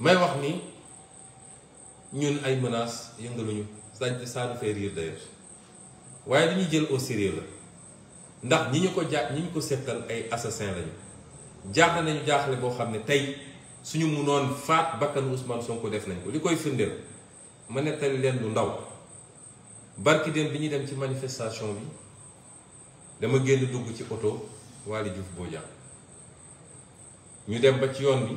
may wax ni ñun ay menaces yëngaluñu ça nous fait rire d'ailleurs waaye dañuy jël au sérieux la ndax ñi ñu ko jaa ñi ñu ko settal ay assassin lañu jaaxle nañu jaaxle boo xam ne tey suñu munoon faat bakkanu Ousmane Sonko def nañ ko li koy firndeel ma nettali leen lu ndaw barki bi ñuy dem ci manifestation bi dama génn dugg ci oto Waly Diouf Bodian ñu dem ba ci yoon bi.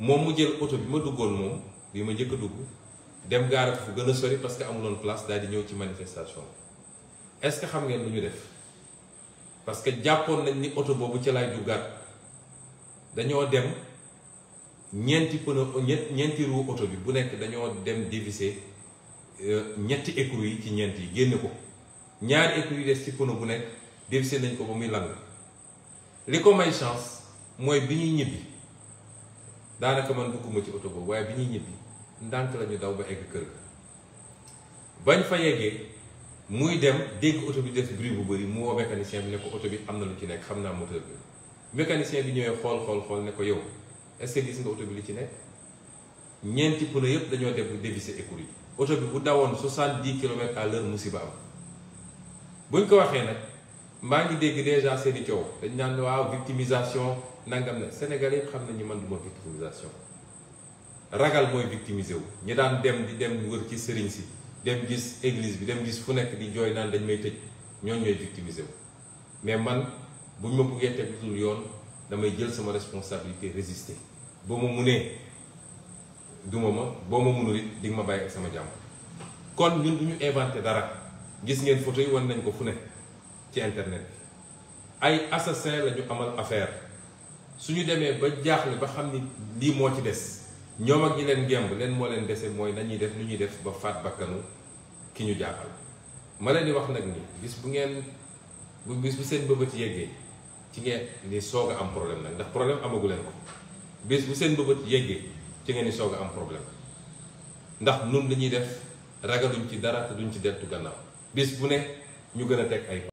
moom mu jël oto bi ma duggoon moom bi ma njëkk a dugg dem gaara fu gën a sori parce que amuloon place daal di ñëw ci manifestation bi est-ce que xam ngeen lu ñu def parce que jàppoon nañ ni oto boobu ci laay duggaat dañoo dem ñeenti pneu ñeenti ru oto bi bu nekk dañoo dem dévisser euh, ñetti écrou yi ci ñeent yi génne ko ñaari écrou yi des ci pneu bu nekk dévisser nañ ko ba muy lang li ko may chance mooy bi ñuy ñibbi. daanaka man dugguma ci oto boobu waaye bi ñuy ñibbi ndànk la ñu daw ba egg kër ga bañ fa yeggee muy dem dégg oto bi def bruit bu bëri mu woo mécanicien bi ne ko oto bi am na lu ci nekk xam naa moteur bi mécanicien bi ñëwee xool xool xool ne ko yow est-ce gis nga oto bi li ci nekk ñeenti pneu yëpp dañoo def bu dévissé écoute yi oto bi bu dawoon soixante di kilomètres à l'heure musiba am buñ ko waxee nag. maa ngi dégg déjà seen i coow dañ naan waaw victimisation nangam na Sénégalais yëpp xam nañu man du ma victimisation ragal mooy victimiser wu ñi daan dem di dem wër ci sëriñ si dem gis église bi dem gis fu nekk di jooy naan dañ may tëj ñoo ñooy victimiser wu mais man bu ñu ma buggee teg dul yoon damay jël sama responsabilité résister boo ma munee duma ma boo ma munul it di ma bàyyi ak sama jàmm kon ñun du ñu inventé dara gis ngeen photo yi wan nañ ko fu ne ci internet ay assassin la amal affaire suñu demee ba jaaxle ba xam ni lii ci des ñoom ak ñi leen gemb leen moo leen dese mooy nañuy def nu def ba fat bakkanu ki ñu jaaxal ma leen di wax nag ni bis bu ngeen bu bis bu seen bëbët yeggee ci ngeen ni am problème nag ndax problème amagu leen ko bis bu seen bëbët yeggee ci ngeen ni am problème ndax nun li def ragaluñ ci dara te duñ ci deltu gannaaw bis bu ne ñu gën ay